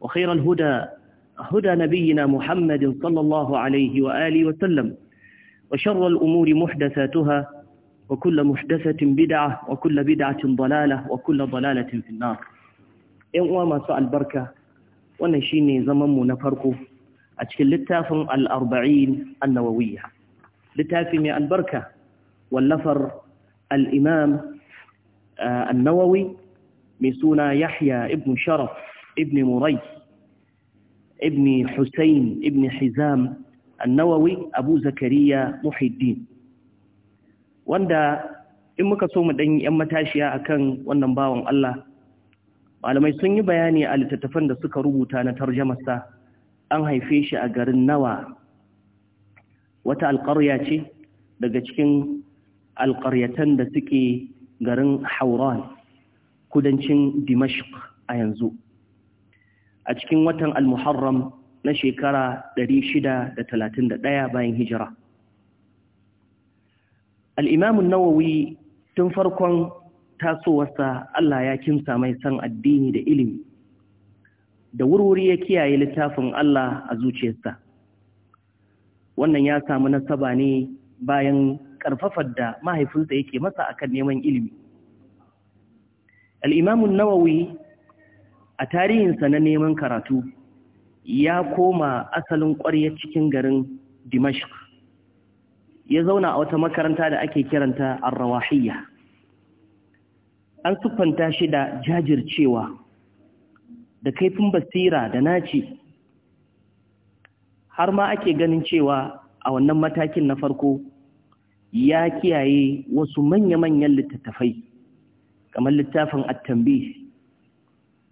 وخير الهدى هدى نبينا محمد صلى الله عليه وآله وسلم وشر الأمور محدثاتها وكل محدثة بدعة وكل بدعة ضلالة وكل ضلالة في النار إنوا ما سأل بركة ونشيني زمم نفرقه أتكل للتاف الأربعين النووية للتاف من البركة واللفر الإمام آه، النووي من سونا يحيى ابن شرف ابن مريث Ibni حسين ابن حزام النووي Abu, Zakariya, محي wanda in muka so mu ɗan yi ‘yan matashiya akan wannan bawan Allah malamai sun yi bayani a littattafan da suka rubuta na tarjamasa an haife shi a garin nawa wata alƙarya ce daga cikin alƙaryatan da suke garin hauran kudancin dimashq a yanzu a cikin watan al-muharram na shekara 631 bayan hijira al-imam nawawi tun farkon tasowarsa Allah ya kimsa mai san addini da ilimi da wurwuri ya kiyaye littafin Allah a zuciyarsa wannan ya samu nasaba ne bayan karfafar da mahaifinsa yake masa akan neman ilimi al-imam nawawi a tarihinsa na neman karatu ya koma asalin ƙwarya cikin garin dimashq ya zauna a wata makaranta da ake kiranta arrawahiyya an siffanta shi da jajircewa da kaifin basira da naci har ma ake ganin cewa a wannan matakin na farko ya kiyaye wasu manya-manyan littattafai kamar littafin attambi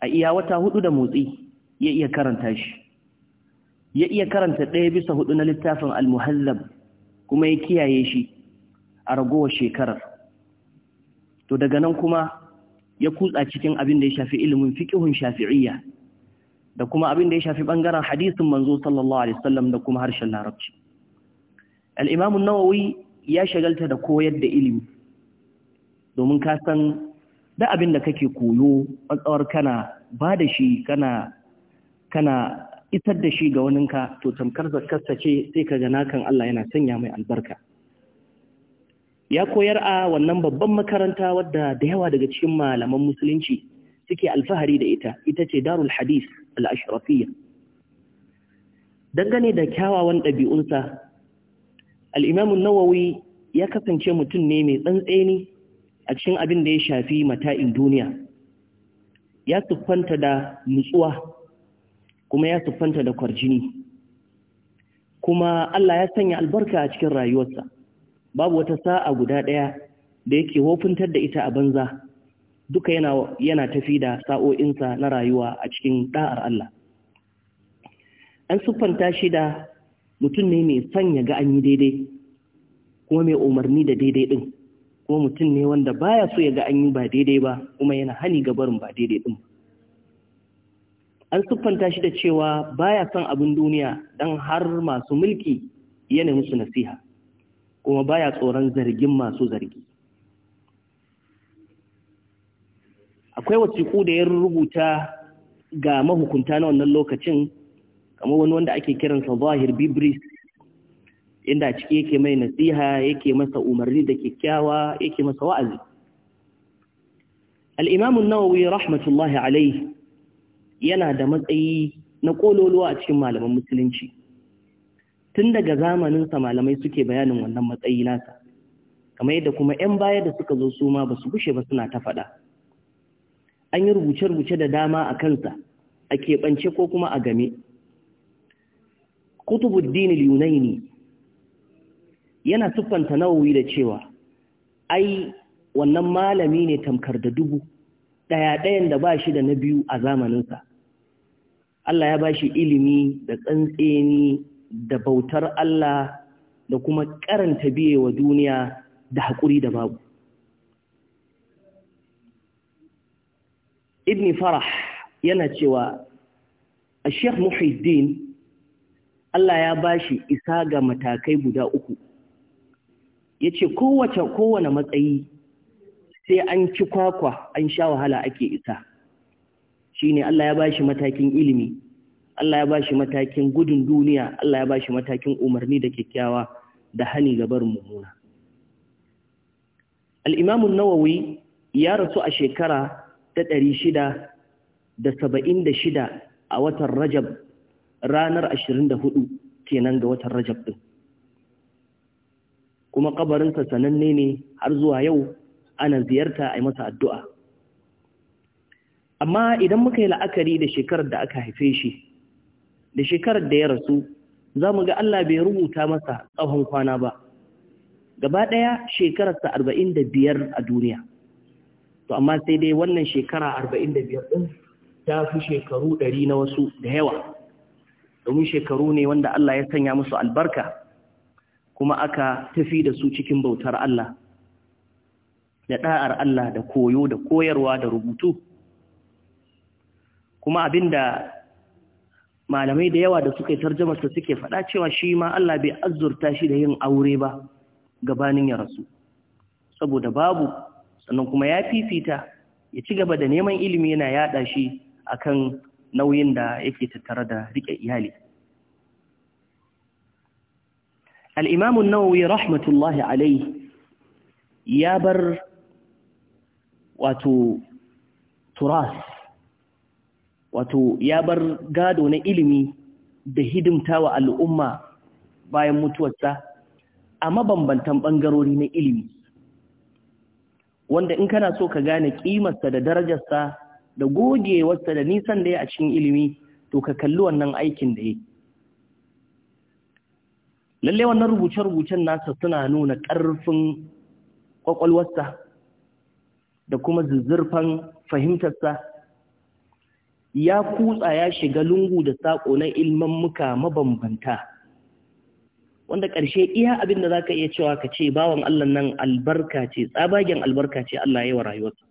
a iya wata hudu da motsi ya iya karanta shi ya iya karanta ɗaya bisa hudu na littafin al kuma ya kiyaye shi a ragowar shekarar to daga nan kuma ya kutsa cikin abin da ya shafi ilimin fiqhun shafi'iyya da kuma abin da ya shafi bangaren hadisin manzo sallallahu alaihi wasallam da kuma harshen larabci al-imam an-nawawi ya shagalta da koyar da ilimi domin ka san da abin da kake koyo matsawar kana ba da shi kana kana isar da shi ga waninka to tamkar zakarsa ce sai ka gana kan Allah yana sanya mai albarka ya koyar a wannan babban makaranta wadda da yawa daga cikin malaman musulunci suke alfahari da ita ita ce darul hadis al-ashrafiyya dangane da kyawawan ɗabi'unsa al-imam an-nawawi ya kasance mutum ne mai tsantseni a cikin abin da ya shafi mata'in duniya ya siffanta da nutsuwa kuma ya siffanta da kwarjini kuma Allah ya sanya albarka a cikin rayuwarsa babu wata sa'a guda ɗaya da yake hofuntar da ita a banza duka yana, yana tafi da sa'o'insa na rayuwa a cikin ɗa'ar Allah an siffanta shi da mutum ne mai sanya ga an daidai kuma mai umarni da daidai ɗin Kuma mutum ne wanda baya so ya ga an yi ba daidai ba kuma yana hani ga barin ba daidai din an siffanta shi da cewa baya son abin duniya dan har masu mulki yana musu nasiha kuma baya tsoron zargin masu zargi akwai wasiƙu da ya rubuta ga mahukunta na wannan lokacin kamar wani wanda ake kiransa zahir bibris inda ciki yake mai nasiha yake masa umarni da kyakkyawa yake masa wa'azi al-imam an-nawawi rahmatullahi alayhi yana da matsayi na kololuwa a cikin malaman musulunci tun daga zamanin sa malamai suke bayanin wannan matsayi nasa kamar yadda kuma 'yan baya da suka zo su ma ba su bushe ba suna ta faɗa an yi rubuce-rubuce da dama a kansa a keɓance ko kuma a game kutubuddin al-yunaini yana siffanta nawawi da cewa ai wannan malami ne tamkar da dubu ɗaya ɗayan da ba shi da na biyu a zamaninsa Allah ya ba shi ilimi da tsantseni da bautar Allah da kuma karanta biye wa duniya da haƙuri da babu Ibni farah yana cewa a sheikh muhiddin Allah ya ba shi isa ga matakai guda uku ya ce kowace kowane matsayi sai an ci kwakwa an sha wahala ake isa shi ne Allah ya ba shi matakin ilimi Allah ya ba shi matakin gudun duniya Allah ya ba shi matakin umarni da kyakkyawa da hani ga gabar mummuna al'imamun nawawi ya rasu a shekara ta ɗari shida da saba'in da shida a watan rajab ranar ashirin da hudu kenan ga watan rajab ɗin kuma kabarinsa sananne ne har zuwa yau ana ziyarta a masa addu'a amma idan muka yi la'akari da shekarar da aka haife shi da shekarar da ya rasu za mu ga Allah bai rubuta masa tsawon kwana ba gaba ɗaya shekararsa arba'in da biyar a duniya to amma sai dai wannan shekara arba'in da biyar ɗin ta fi shekaru ɗari na wasu da yawa domin shekaru ne wanda Allah ya sanya musu albarka kuma aka tafi da su cikin bautar Allah da ɗa'ar Allah da koyo da koyarwa da rubutu kuma abin da malamai da yawa da suka yi tarjamarsa suke faɗa cewa shi ma Allah bai azurta shi da yin aure ba gabanin ya rasu saboda babu sannan kuma ya fifita ya ci gaba da neman ilimi yana yaɗa shi akan nauyin da yake tattare da riƙe iyali al'imamu nawawi rahmatullahi alai ya bar wato turas wato ya bar gado na ilimi da hidimta wa al'umma bayan mutuwarsa a mabanbantan ɓangarori na ilimi wanda in kana so ka gane ƙimarsa da darajarsa da gogewarsa da nisan da ya a cikin ilimi to ka kalli wannan aikin da ya lalle wannan rubuce-rubucen nasa suna nuna ƙarfin ƙwaƙwalwarsa da kuma zuzzurfan fahimtarsa ya kutsa ya shiga lungu da saƙo na ilman muka mabambanta wanda ƙarshe iya abin da za ka iya cewa ka ce bawan Allah nan albarka ce tsabagen albarka ce Allah ya yi wa rayuwarsa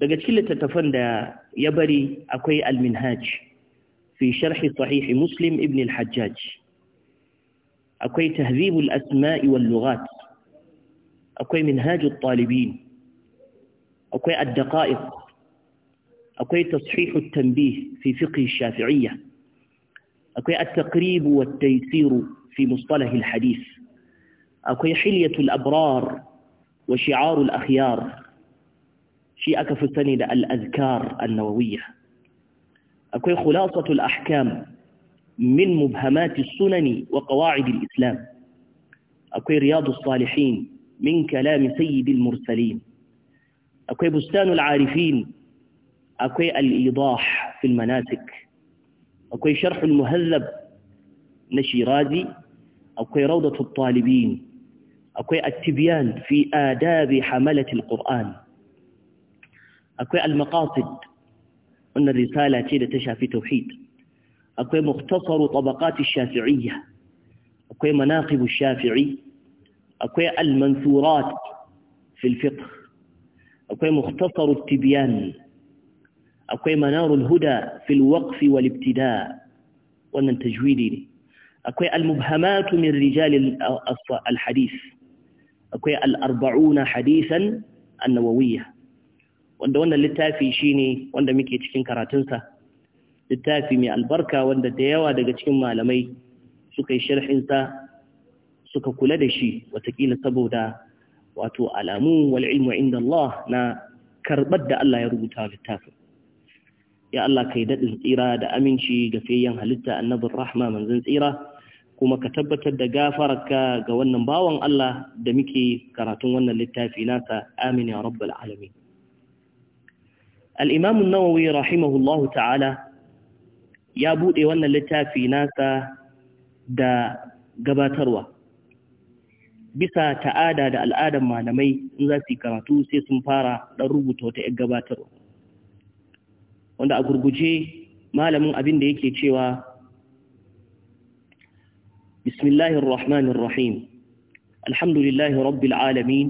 daga cikin littattafan da ya bari akwai alminhaj fi sharhi sahihi muslim ibn al أكوي تهذيب الأسماء واللغات أكوي منهاج الطالبين أكوي الدقائق أكوي تصحيح التنبيه في فقه الشافعية أكوي التقريب والتيسير في مصطلح الحديث أكوي حلية الأبرار وشعار الأخيار شيء أكف سند الأذكار النووية أكوي خلاصة الأحكام من مبهمات السنن وقواعد الإسلام أكوي رياض الصالحين من كلام سيد المرسلين أكوي بستان العارفين أكوي الإيضاح في المناسك أكوي شرح المهذب نشيرازي أكوي روضة الطالبين أكوي التبيان في آداب حملة القرآن أكوي المقاصد أن الرسالة في توحيد أكوي مختصر طبقات الشافعية أكوي مناقب الشافعي أكوي المنثورات في الفقه أكوي مختصر التبيان أكوي منار الهدى في الوقف والابتداء ومن تجويد أكوي المبهمات من رجال الحديث أكوي الأربعون حديثا النووية وأن اللي تافي شيني وأن دميكي تشكين كراتنسة littafi mai albarka wanda da yawa daga cikin malamai suka yi sharhinsa suka kula da shi watakila saboda wato alamu wal ilmu inda Allah na karɓar da Allah ya rubuta littafin ya Allah kai daɗin tsira da aminci ga fayyan halitta annabin rahma manzon tsira kuma ka tabbatar da gafararka ga wannan bawan Allah da muke karatun wannan littafi nasa amin ya rabbal alamin al-imam an-nawawi rahimahullahu ta'ala ya buɗe wannan littafi nasa da gabatarwa bisa ta'ada da al'adar malamai in za su yi karatu sai sun fara ɗan rubuta wata ‘yar gabatarwa wanda a gurguje malamin abin da yake cewa bismillahirrahmanirrahim rahmanir rahim alhamdulillahi rabbil alamin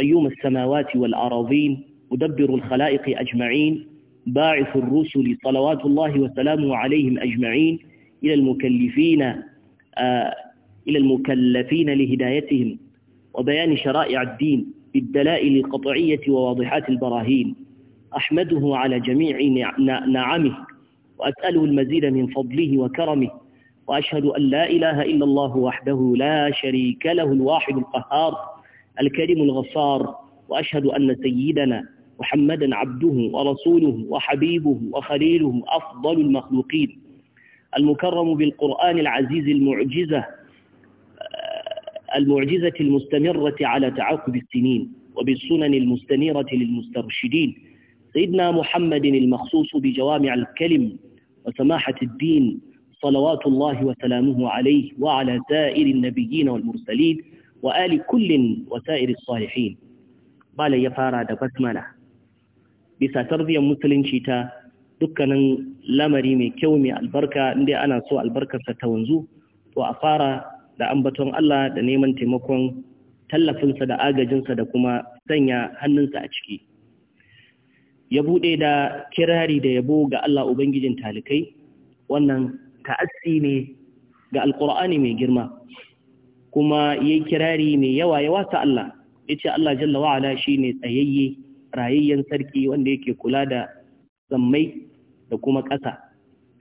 qayyumus samawati wal aradin mudabbiru al ajma'in باعث الرسل صلوات الله وسلامه عليهم أجمعين إلى المكلفين آه، إلى المكلفين لهدايتهم وبيان شرائع الدين بالدلائل القطعية وواضحات البراهين أحمده على جميع نعمه وأسأله المزيد من فضله وكرمه وأشهد أن لا إله إلا الله وحده لا شريك له الواحد القهار الكريم الغفار وأشهد أن سيدنا محمدا عبده ورسوله وحبيبه وخليله أفضل المخلوقين المكرم بالقرآن العزيز المعجزة المعجزة المستمرة على تعاقب السنين وبالسنن المستنيرة للمسترشدين سيدنا محمد المخصوص بجوامع الكلم وسماحة الدين صلوات الله وسلامه عليه وعلى سائر النبيين والمرسلين وآل كل وسائر الصالحين بالي يفارا دبسمنا bisa tarbiyyar musulunci ta dukkanin lamari mai kyau mai albarka inda ana so albarkarsa ta wanzu to a fara da ambaton Allah da neman taimakon tallafinsa da agajinsa da kuma sanya hannunsa a ciki ya buɗe da kirari da yabo ga Allah Ubangijin talikai wannan ta'assi ne ga Alƙur'ani mai girma kuma yayi kirari mai yawa ya wasa Allah yace Allah jalla wa ala shine tsayayye rayayyen sarki wanda yake kula da sammai da kuma ƙasa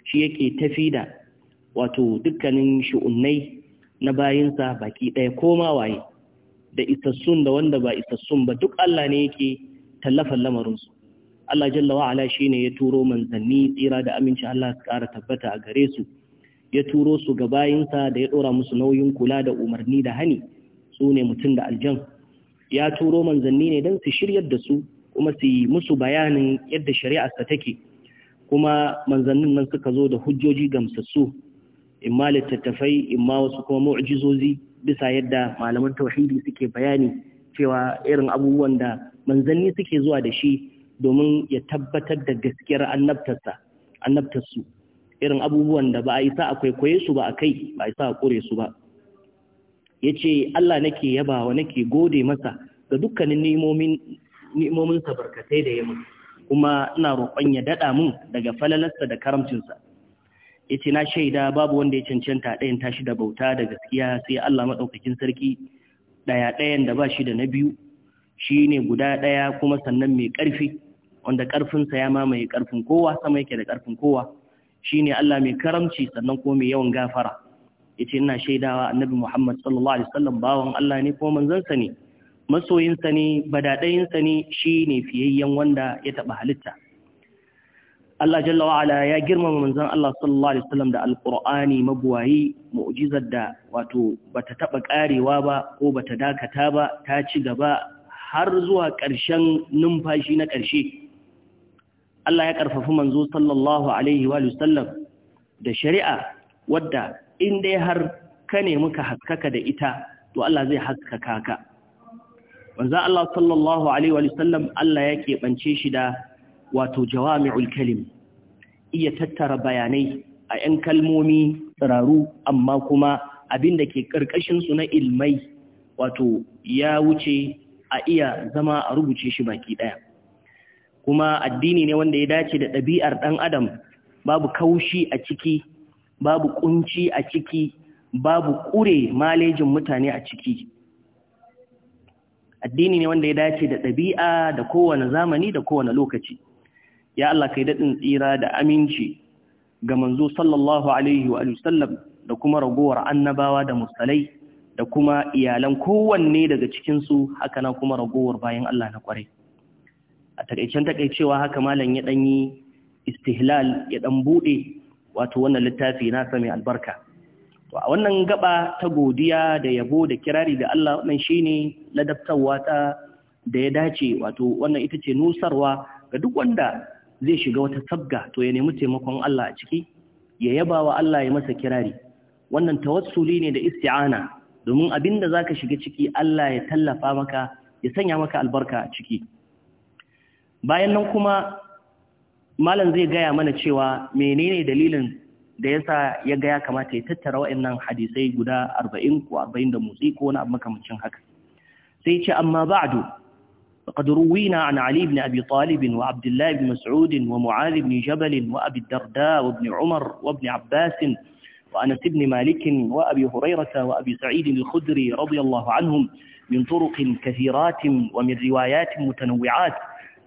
shi yake tafi da wato dukkanin shi'unnai na bayinsa baki ɗaya koma waye da isassun da wanda ba isassun ba duk Allah ne yake tallafan lamarinsu Allah jalla wa shi ne ya turo manzanni tsira da aminci Allah su ƙara tabbata a gare su ya turo su ga bayinsa da ya ɗora musu nauyin kula da umarni da hani su ne mutum da aljan ya turo manzanni ne don su shiryar da su kuma su yi musu bayanin yadda shari'arsa take kuma manzannin nan suka zo da hujjoji gamsassu imma littattafai imma wasu kuma mu'jizozi bisa yadda malaman tauhidi suke bayani cewa irin abubuwan da manzanni suke zuwa da shi domin ya tabbatar da gaskiyar annabtarsa annabtarsu irin abubuwan da ba a yi sa a kwaikwaye su ba a kai ba a yi sa a su ba ya ce Allah nake yabawa nake gode masa ga dukkanin ni'imominsa barkatai da yamma. kuma ina roƙon ya daɗa mun daga falalarsa da karamcinsa ya ce na shaida babu wanda ya cancanta ɗayan tashi da bauta da gaskiya sai Allah maɗaukakin sarki ɗaya ɗayan da ba shi da na biyu shi ne guda ɗaya kuma sannan mai ƙarfi wanda ƙarfinsa ya mamaye ƙarfin kowa sama yake da ƙarfin kowa shi ne Allah mai karamci sannan kuma mai yawan gafara ya ce ina shaidawa annabi Muhammad sallallahu alaihi wasallam bawan Allah ne kuma manzansa ne masoyinsa ne badaɗayinsa ne shi ne fiyayyen wanda ya taɓa halitta Allah jalla wa'ala ya girmama manzan Allah sallallahu alaihi wasallam da Alkur'ani mabuwayi mu'jizar da wato bata taɓa karewa ba ko bata dakata ba ta ci gaba har zuwa ƙarshen numfashi na ƙarshe Allah ya ƙarfafi manzo sallallahu alaihi wa sallam da shari'a wadda in dai har ka nemi ka haskaka da ita to Allah zai haskaka ka manzan Allah sallallahu Alaihi wasallam Allah ya keɓance shi da wato jawami'ul kalim iya tattara bayanai a ‘yan kalmomi tsiraru amma kuma abin da ke ƙarƙashinsu na ilmai wato ya wuce a iya zama a rubuce shi baki ɗaya. Kuma addini ne wanda ya dace da ɗabi'ar ɗan Adam babu kaushi a ciki, babu ƙunci a ciki, babu ƙure malejin mutane a ciki. addini ne wanda ya dace da ɗabi'a da kowane zamani da kowane lokaci ya Allah kai daɗin tsira da aminci ga manzo sallallahu alaihi wa da kuma ragowar annabawa da musalai da kuma iyalan kowanne daga cikinsu haka na kuma ragowar bayan Allah na kwarai a takaicen takaicewa haka malam ya ɗanyi istihlal ya ɗan buɗe wato wannan littafi na mai albarka to a wannan gaba ta godiya da yabo da kirari da Allah wannan ne ladabtarwa ta da ya dace wato wannan ita ce nusarwa ga duk wanda zai shiga wata sabga to ya nemi taimakon Allah a ciki ya yaba wa Allah ya masa kirari wannan tawassuli ne da isti'ana domin abinda zaka shiga ciki Allah ya tallafa maka ya sanya maka albarka a ciki bayan nan kuma malam zai gaya mana cewa menene dalilin da yasa ya ga ya kamata ya tattara wa'annan hadisai guda 40 ko 40 da motsi ko wani abu makamancin haka sai ce amma ba'du faqad ruwina an ali ibn abi talib wa abdullah ibn mas'ud wa mu'adh ibn jabal wa abi darda wa ibn umar wa ibn abbas wa anas ibn malik wa abi hurairah wa abi sa'id al-khudri radiyallahu anhum min turuq kathirat wa min riwayat mutanawi'at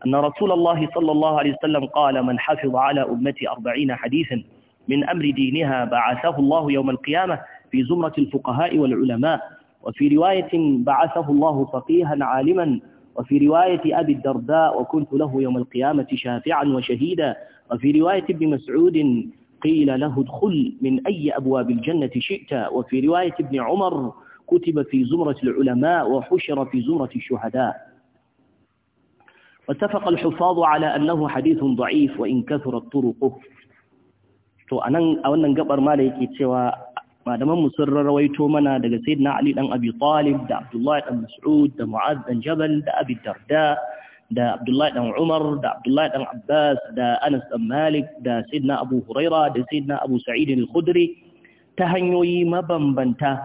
أن رسول الله صلى الله عليه وسلم قال من حفظ على أمتي أربعين حديثاً من أمر دينها بعثه الله يوم القيامة في زمرة الفقهاء والعلماء وفي رواية بعثه الله فقيها عالما وفي رواية أبي الدرداء وكنت له يوم القيامة شافعا وشهيدا وفي رواية ابن مسعود قيل له ادخل من أي أبواب الجنة شئت وفي رواية ابن عمر كتب في زمرة العلماء وحشر في زمرة الشهداء واتفق الحفاظ على أنه حديث ضعيف وإن كثرت طرقه to anan a wannan gabar ma da yake cewa malaman mu sun rawaito mana daga sayyidina Ali dan Abi Talib da Abdullahi dan Mas'ud da Mu'adh dan Jabal da Abi Darda da Abdullahi dan Umar da Abdullahi dan Abbas da Anas dan Malik da sayyidina Abu Huraira da sayyidina Abu Sa'id al-Khudri ta hanyoyi mabambanta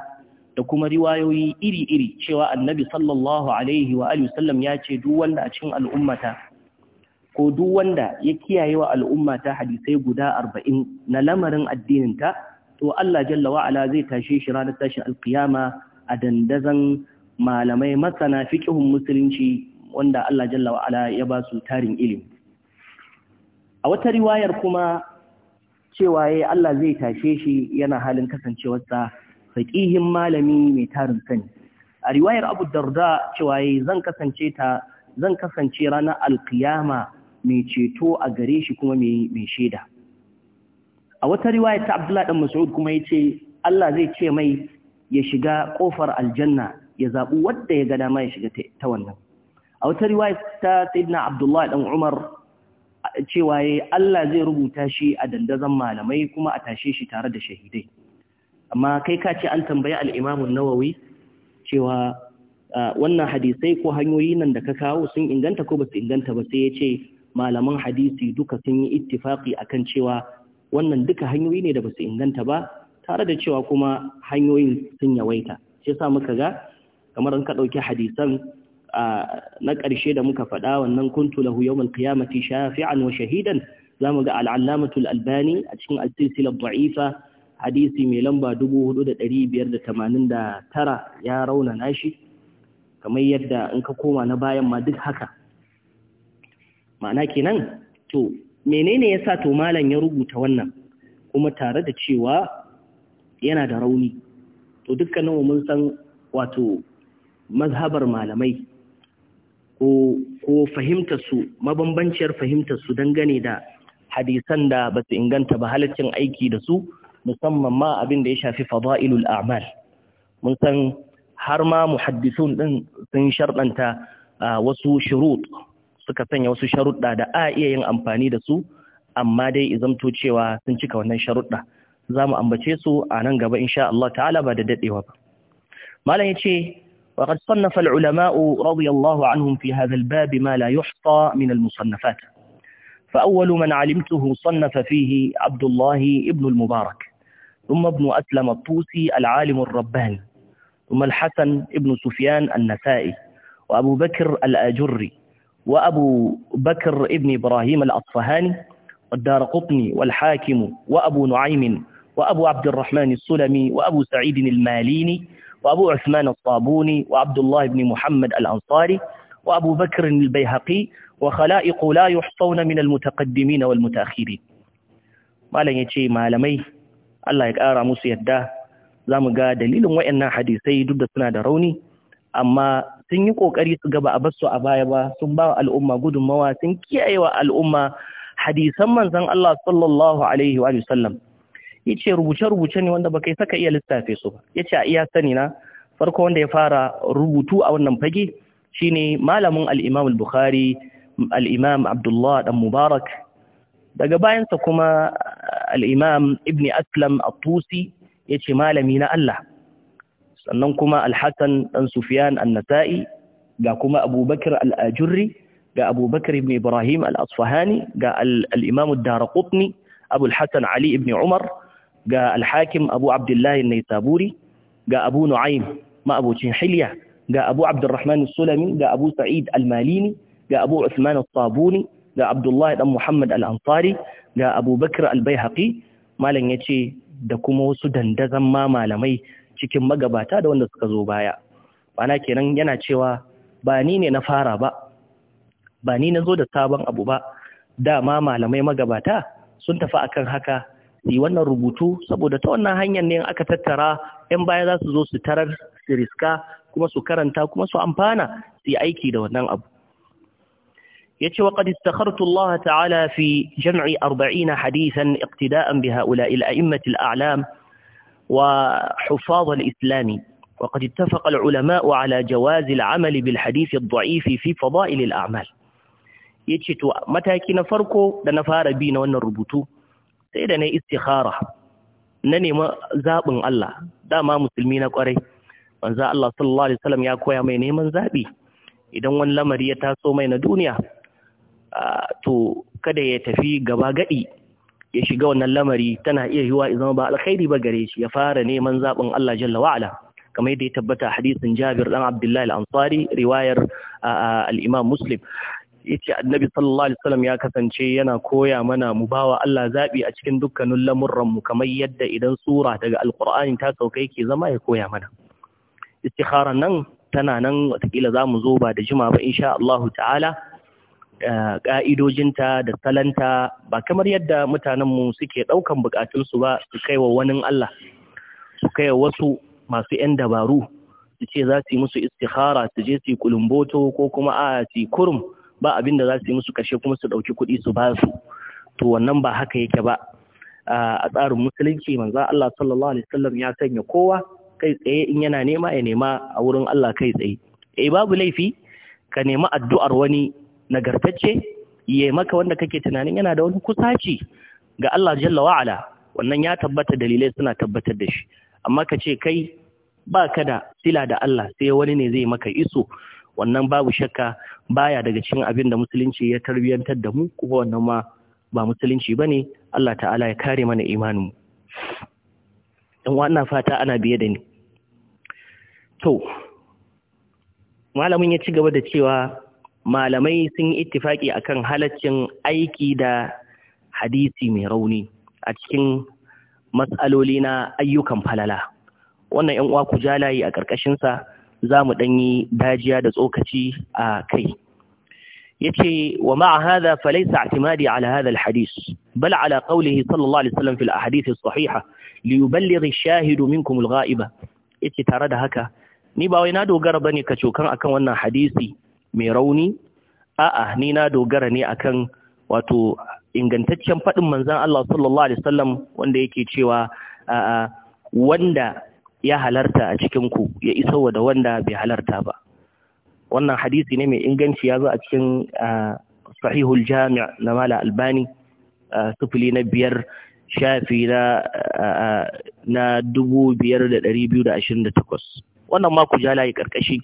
da kuma riwayoyi iri-iri cewa Annabi sallallahu alaihi wa alihi wasallam ya ce duk wanda a cikin al'ummata ko duk wanda ya kiyaye wa al'umma ta hadisai guda arba'in na lamarin addininta to Allah jalla wa'ala zai tashe shi ranar tashin alkiyama a dandazon malamai masana fiƙihun musulunci wanda Allah jalla wa'ala ya ba su tarin ilimi a wata riwayar kuma cewa Allah zai tashe shi yana halin kasancewarsa faƙihin malami mai tarin sani a riwayar abu darda cewa ya zan kasance ta zan kasance ranar alkiyama mai ceto a gare shi kuma mai shaida a wata riwaya ta Abdullah dan Mas'ud kuma ya ce Allah zai ce mai ya shiga kofar aljanna ya zaɓi wadda ya gada ma ya shiga ta wannan a wata riwaya ta Sayyidina Abdullah dan Umar cewa ya Allah zai rubuta shi a dandazon malamai kuma a tashe shi tare da shahidai amma kai ka ce an tambayi al'imamin nawawi cewa ah, wannan hadisai ko hanyoyi nan da ka kawo sun inganta ko ba su inganta ba sai ya ce malaman hadisi duka sun yi ittifaqi akan cewa wannan duka hanyoyi ne da basu inganta ba tare da cewa kuma hanyoyin sun yawaita shi yasa muka ga kamar an ka dauki hadisan na ƙarshe da muka faɗa wannan kuntu lahu yawmal qiyamati shafi'an wa shahidan zamu ga al-allamatu al-albani a cikin al-silsila dha'ifa hadisi mai lamba 4589 ya rauna nashi kamar yadda in ka koma na bayan ma duk haka ma'ana kenan to menene yasa to malam ya rubuta wannan kuma tare da cewa yana da rauni to nawa mun san wato mazhabar malamai ko ko fahimtar su mabambanciyar fahimtar su dangane da hadisan da ba su inganta ba halaccin aiki da su musamman ma abin da ya shafi fada'ilul a'mal mun san har ma muhaddisun din sun sharɗanta ah, wasu shurut suka sanya wasu sharuɗa da a iya yin amfani da su amma dai izamto cewa sun cika wannan sharuɗa za mu ambace su a nan gaba insha Allah ta'ala ba da dadewa ba malam yace wa qad sannafa al-ulama radiyallahu anhum fi hadha al-bab ma la yuhta min al-musannafat fa awwal man alimtuhu sannafa fihi Abdullah ibn al-Mubarak ثم ابن أسلم الطوسي العالم الرباني ثم الحسن ابن سفيان النسائي وأبو بكر الأجري وأبو بكر ابن إبراهيم الأصفهاني والدار قطني والحاكم وأبو نعيم وأبو عبد الرحمن السلمي وأبو سعيد الماليني وأبو عثمان الصابوني وعبد الله بن محمد الأنصاري وأبو بكر البيهقي وخلائق لا يحصون من المتقدمين والمتأخرين ما ya ce ما لمي الله ƙara موسي الداه لا mu ga dalilin wayannan hadisai duk أما sun yi kokari su gaba a basu a baya ba sun ba al'umma gudunmawa sun kiyaye wa al'umma hadisan manzon Allah sallallahu alaihi wa sallam yace rubuce-rubuce ne wanda baka saka iya lissafe su ba yace a iya sani na farko wanda ya fara rubutu a wannan fage shine malamin al-Imam al-Bukhari al-Imam Abdullah dan Mubarak daga bayansa kuma al-Imam Ibn Aslam at-Tusi yace malami na Allah sannan kuma al-Hasan dan Sufyan an-Nasa'i ga kuma Abubakar al-Ajurri ga Abubakar ibn Ibrahim al-Asfahani ga al-Imam ad-Darqutni Abu al Ali ibn Umar ga al-Hakim Abu Abdullah an-Naisaburi ga Abu Nu'aym ma'abucin Hilya ga Abu Abdurrahman as-Sulami ga Abu Sa'id al-Malini ga Abu Uthman as-Sabuni ga Abdullah dan Muhammad al-Ansari ga Abubakar al-Baihaqi malan yace da kuma wasu dandazan ma malamai cikin magabata da wanda suka zo baya bana kenan yana cewa ba ni ne na fara ba ba ni na zo da sabon abu ba dama malamai magabata sun tafi akan haka yi wannan rubutu saboda ta wannan hanyar ne aka tattara 'yan baya za su zo su tarar su riska kuma su karanta kuma su amfana su yi aiki da wannan abu ya ce wa qad istakhartu Allah ta'ala fi jam'i 40 hadithan iqtida'an bi ha'ula'i al al-a'lam Wa وحفاظ الإسلام وقد اتفق العلماء على جواز العمل بالحديث الضعيف في فضائل الأعمال yace to mataki na farko da na fara bi na wannan rubutu sai da na yi istikhara na nema zaɓin Allah dama musulmi na ƙwarai manzo Allah sallallahu alaihi wasallam ya koya mai neman zaɓi idan wani lamari ya taso mai na duniya to kada ya tafi gaba gadi ya shiga wannan lamari tana iya yiwa zama ba alkhairi ba gare shi ya fara neman zaɓin Allah jalla wa'ala kamar yadda ya tabbata hadisin Jabir dan Abdullahi al-Ansari riwayar al-Imam Muslim yace Annabi sallallahu alaihi wasallam ya kasance yana koya mana mu bawa Allah zabi a cikin dukkanin lamurran mu kamar yadda idan sura daga alqur'ani ta sauka yake zama ya koya mana istikhara nan tana nan watakila za mu zo ba da jima ba insha Allah ta'ala Eh, ka'idojinta da salanta ba kamar yadda mutanenmu suke ɗaukan bukatunsu ba su kai wa wani Allah su kai wasu masu ‘yan dabaru su ce za su yi musu istihara su je su yi kulumboto ko kuma a su kurum ba abin da za su yi musu kashe kuma su ɗauki kuɗi su ba su to wannan ba haka yake ba a tsarin musulunci manza Allah sallallahu alaihi wasallam ya sanya kowa kai tsaye in yana nema ya nema a wurin Allah kai tsaye eh babu laifi ka nemi addu'ar wani nagartacce ya maka wanda kake tunanin yana da wani kusaci ga Allah jalla wa'ala wannan ya tabbata dalilai suna tabbatar da shi amma ka ce kai ba ka da sila da Allah sai wani ne zai maka iso wannan babu shakka baya daga cikin abin da musulunci ya tarbiyantar da mu kuma wannan ma ba musulunci ba ne Allah ta'ala ya kare mana imaninmu in wannan fata ana biye da ni to malamin ya ci gaba da cewa malamai sun ittifaki akan halaccin aiki da hadisi mai rauni a cikin matsaloli na ayyukan falala wannan yan uwa ku jalaye a ƙarƙashinsa za mu ɗanyi dajiya da tsokaci a kai yace wa ma'a hadha falaysa i'timadi ala hadha alhadith bal ala qawlihi sallallahu alaihi wasallam fil ahadith as-sahiha liyuballigh ash-shahidu minkum al-ghaiba yace tare da haka ni ba wai na dogara bane ka cokan akan wannan hadisi mai rauni a'a ni na dogara ne akan wato ingantaccen faɗin manzan Allah sallallahu alaihi wasallam wanda yake cewa a'a wanda ya halarta a cikin ku ya iso da wanda bai halarta ba wannan hadisi ne mai inganci ya zo a cikin sahihul jami' na mala albani sufuli na biyar shafi na na dubu biyar da ɗari biyu da ashirin da takwas wannan ma ku ja layi ƙarƙashi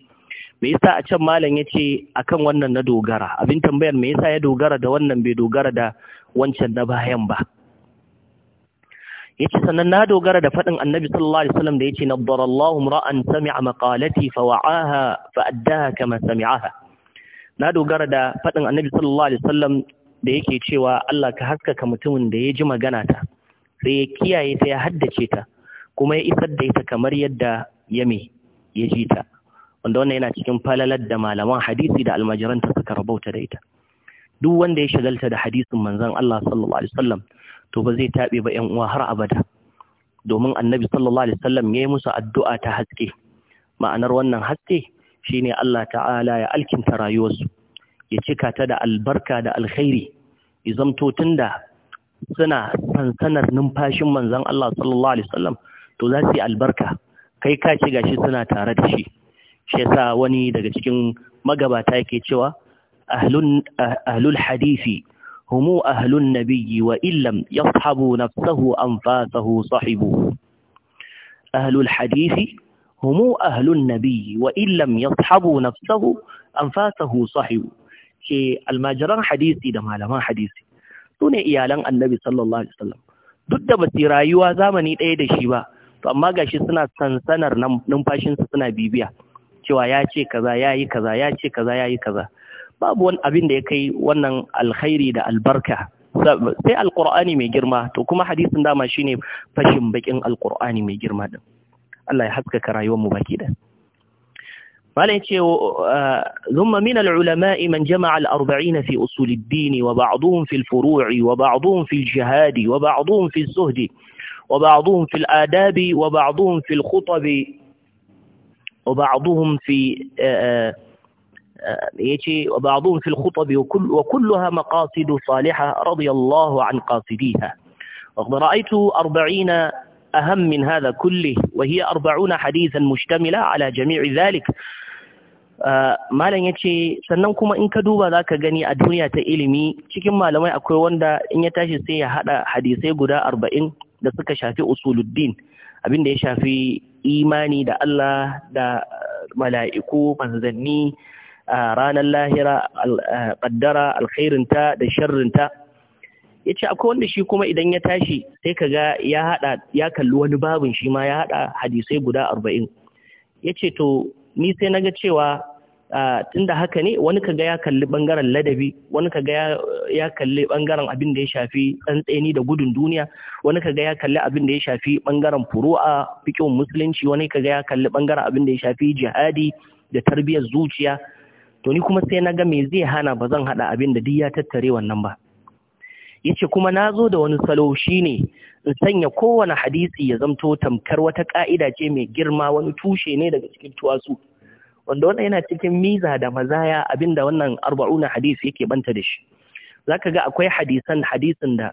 me yasa a can malam yace akan wannan na dogara abin tambayar me yasa ya dogara da wannan bai dogara da wancan na bayan ba yace sannan na dogara da fadin annabi sallallahu alaihi wasallam da yace nadarallahu ra'an sami'a maqalati fa wa'aha fa addaha kama sami'aha na dogara da fadin annabi sallallahu alaihi wasallam da yake cewa Allah ka haskaka mutumin da ya ji magana ta sai ya kiyaye ta ya haddace ta kuma ya isar da ita kamar yadda ya me ya ji ta wanda wannan yana cikin falalar da malaman hadisi da almajiranta suka rabauta da ita duk wanda ya shagalta da hadisin manzon Allah sallallahu alaihi wasallam to ba zai tabe ba 'yan uwa har abada domin annabi sallallahu alaihi wasallam yayi musu addu'a ta haske ma'anar wannan haske shine Allah ta'ala ya alkinta rayuwarsu ya cika ta da albarka da alkhairi ya zamto tunda suna sansanar numfashin manzon Allah sallallahu alaihi wasallam to za su yi albarka kai ka ci gashi suna tare da shi shi yasa wani daga cikin magabata yake cewa ahlul hadisi humu ahlun nabiyyi wa illam yashabu nafsahu anfasahu sahibu ahlul hadisi humu ahlun nabiyyi wa illam yashabu nafsahu anfasahu sahibu ke almajiran hadisi da malaman hadisi su ne iyalan annabi sallallahu alaihi wasallam duk da basu rayuwa zamani ɗaya da shi ba to amma gashi suna sansanar numfashinsu suna bibiya cewa ya ce kaza ya yi kaza ya ce kaza ya yi kaza babu wani abin da ya kai wannan alkhairi da albarka sai alkur'ani mai girma to kuma hadisin dama shine fashin bakin alkur'ani mai girma din Allah ya haskaka rayuwar mu baki da malai ce zumma min alulama'i man jama'a al-arba'ina fi usul ad-din wa ba'dhum fi al-furu'i wa ba'dhum fi al-jihad wa ba'dhum fi az-zuhd وبعضهم في الآداب وبعضهم في الخطب وبعضهم في آه، آه، آه، يجي وبعضهم في الخطب وكل وكلها مقاصد صالحة رضي الله عن قاصديها وقد رأيت أربعين أهم من هذا كله وهي أربعون حديثا مشتملة على جميع ذلك ما لن يجي سننكم إن كدوبا ذاك غني الدنيا تإلمي شكما لما يأكوي وندا إن يتاشي هذا حديثي قدا أربعين لسك شافي أصول الدين abin da ya shafi imani da Allah da mala'iku manzanni ranar lahira ƙaddara alkhairinta da sharrinta ya ce akwai wanda shi kuma idan ya tashi sai ka ga ya haɗa ya kalli wani babin shi ma ya haɗa hadisai guda arba'in ya ce to ni sai na ga cewa tunda haka ne wani kaga ya kalli bangaren ladabi wani kaga ya kalli bangaren abin da ya shafi tsantseni da gudun duniya wani kaga ya kalli abin da ya shafi bangaren furu'a fikin musulunci wani kaga ya kalli bangaren abin da ya shafi jihadi da tarbiyyar zuciya to ni kuma sai na ga me zai hana ba zan hada abin da duk ya tattare wannan ba yace kuma na zo da wani salo shine in sanya kowane hadisi ya zamto tamkar wata ka'ida ce mai girma wani tushe ne daga cikin tuwasu wanda wannan yana cikin miza da mazaya abinda wannan arba'una hadis yake banta da shi Za ka ga akwai hadisan hadisin da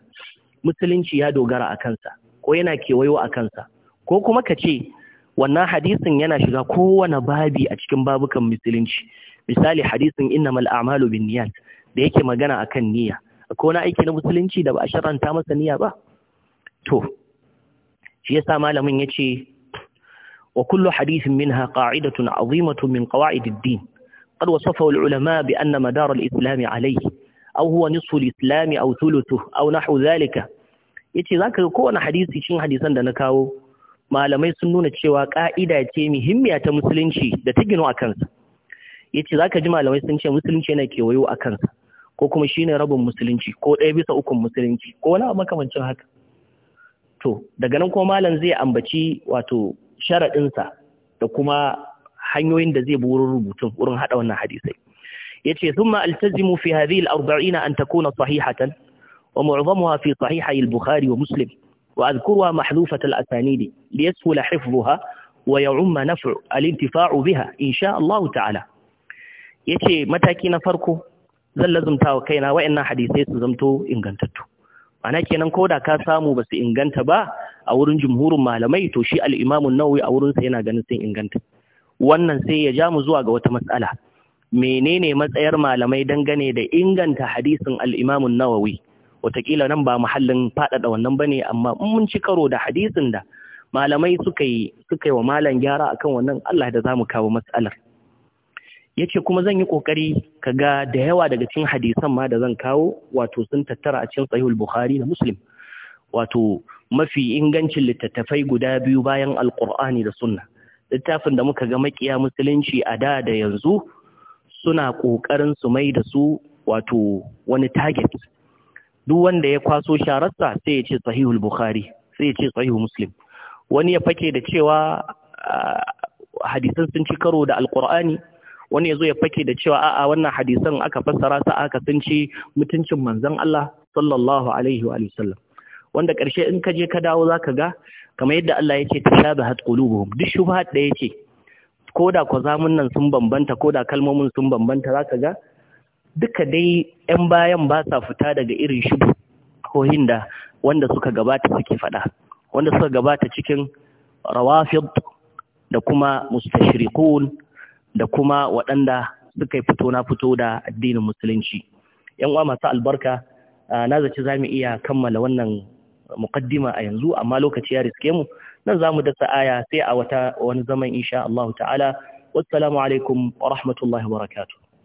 musulunci ya dogara a kansa ko yana kewayo a kansa ko kuma ka ce wannan hadisin yana shiga kowane babi a cikin babukan musulunci misali hadisin innamal a'malu binniyat da yake magana akan niyya akwai wani aiki na musulunci da ba a sharanta masa niyya ba to shi yasa malamin yace وكل حديث منها قاعدة عظيمة من قواعد الدين قد وصفه العلماء بأن مدار الإسلام عليه أو هو نصف الإسلام أو ثلثه أو نحو ذلك yace zaka ga kowane hadisi cikin hadisan da na kawo malamai sun nuna cewa ƙa'ida ce muhimmiya ta musulunci da ta gino a kansa yace zaka ji malamai sun ce musulunci yana kewayo a kansa ko kuma shine rabin musulunci ko ɗaya bisa ukun musulunci ko wani makamancin haka to daga nan kuma malam zai ambaci wato sharaɗinsa da kuma hanyoyin da zai bi wurin rubutun wurin haɗa wannan hadisai yace thumma altazimu fi hadhihi al arbaina an takuna sahihatan wa mu'dhamuha fi sahihi al-bukhari wa muslim wa adhkuruha mahdhufat al-asanidi liyasfula hifdhuha wa ya'umma naf'u al-intifa'u biha insha Allah ta'ala yace mataki na farko zan lazumta wa kaina wa'annan hadisai su zamto ingantattu ana kenan ko da ka samu ba su inganta ba a wurin jumhurin malamai to shi al'imamun nawawi a wurin wurinsa yana ganin sun inganta wannan sai ya ja mu zuwa ga wata matsala menene matsayar malamai dangane da inganta hadisin al'imamun nawawi watakila nan ba muhallin faɗaɗa wannan ba ne amma in mun ci karo da hadisin da malamai suka yi wa malam gyara akan wannan allah da za mu kawo matsalar ya ce kuma zan yi ƙoƙari ka ga da yawa daga cikin hadisan ma da zan kawo wato sun tattara a cikin sahihul bukhari da muslim wato mafi ingancin littattafai guda biyu bayan alqur'ani da sunna littafin da muka ga makiya musulunci a da da yanzu suna ƙoƙarin su mai da su wato wani target duk wanda ya kwaso shararsa sai ya ce sahihul bukhari sai ya ce sahihu muslim wani ya fake da cewa ah, hadisan sun ci karo da alqur'ani wani ya zo ya fake da cewa a'a wannan hadisan aka fassara sa aka sunci mutuncin manzon Allah sallallahu alaihi wa sallam wanda ƙarshe in ka je ka dawo za ka ga kamar yadda Allah ya ce ta sha da duk shubhat da ya ce ko da kwazamun nan sun bambanta ko da kalmomin sun bambanta za ka ga duka dai 'yan bayan ba sa fita daga irin shubu ko hinda wanda suka gabata suke faɗa wanda suka gabata cikin rawafid da kuma mustashriqun da kuma waɗanda suka yi fito na fito da addinin musulunci. ‘Yan uwa masu albarka, na zaci za mu iya kammala wannan muƙaddima a yanzu, amma lokaci ya riske mu, nan za mu dasa aya sai a wata wani zaman insha Allah ta'ala. Wassalamu alaikum wa rahmatullahi wa barakatuh.